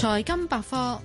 財金百科。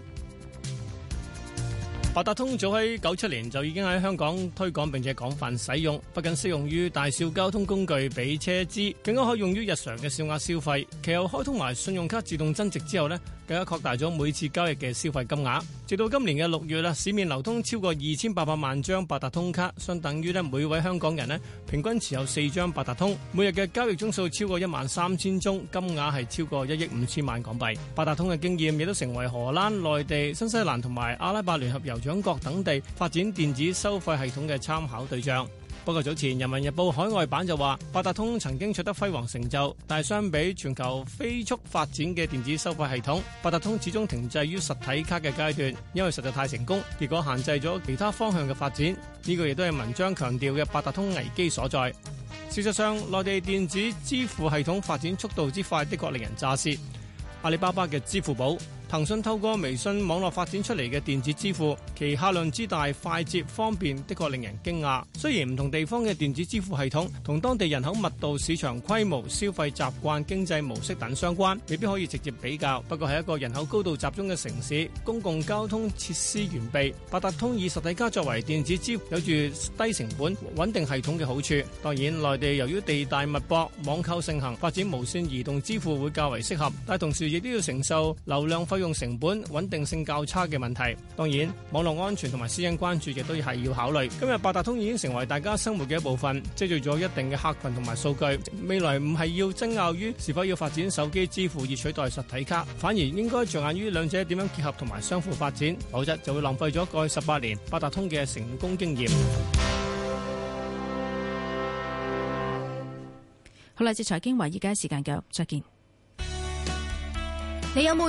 八達通早喺九七年就已經喺香港推廣並且廣泛使用，不僅適用於大小交通工具俾車資，更加可以用於日常嘅小額消費。其後開通埋信用卡自動增值之後呢更加擴大咗每次交易嘅消費金額。直到今年嘅六月啦，市面流通超過二千八百萬張八達通卡，相等於每位香港人呢平均持有四張八達通，每日嘅交易宗數超過一萬三千宗，金額係超過一億五千萬港幣。八達通嘅經驗亦都成為荷蘭、內地、新西蘭同埋阿拉伯聯合酋酋長國等地發展電子收費系統嘅參考對象。不過早前《人民日報》海外版就話，八達通曾經取得輝煌成就，但係相比全球飛速發展嘅電子收費系統，八達通始終停滯於實體卡嘅階段，因為實在太成功，結果限制咗其他方向嘅發展。呢個亦都係文章強調嘅八達通危機所在。事實上，內地電子支付系統發展速度之快，的確令人咋舌。阿里巴巴嘅支付寶。騰訊透過微信網絡發展出嚟嘅電子支付，其客量之大、快捷方便，的確令人驚訝。雖然唔同地方嘅電子支付系統同當地人口密度、市場規模、消費習慣、經濟模式等相關，未必可以直接比較。不過係一個人口高度集中嘅城市，公共交通設施完備，八達通以實體卡作為電子支付，有住低成本、穩定系統嘅好處。當然，內地由於地大物博、網購盛行，發展無線移動支付會較為適合，但同時亦都要承受流量費。用成本穩定性較差嘅問題，當然網絡安全同埋私隱關注亦都係要考慮。今日八達通已經成為大家生活嘅一部分，積聚咗一定嘅客群同埋數據。未來唔係要爭拗於是否要發展手機支付以取代實體卡，反而應該着眼於兩者點樣結合同埋相互發展，否則就會浪費咗過去十八年八達通嘅成功經驗。好啦，接財經華，而家時間嘅再見，你有冇？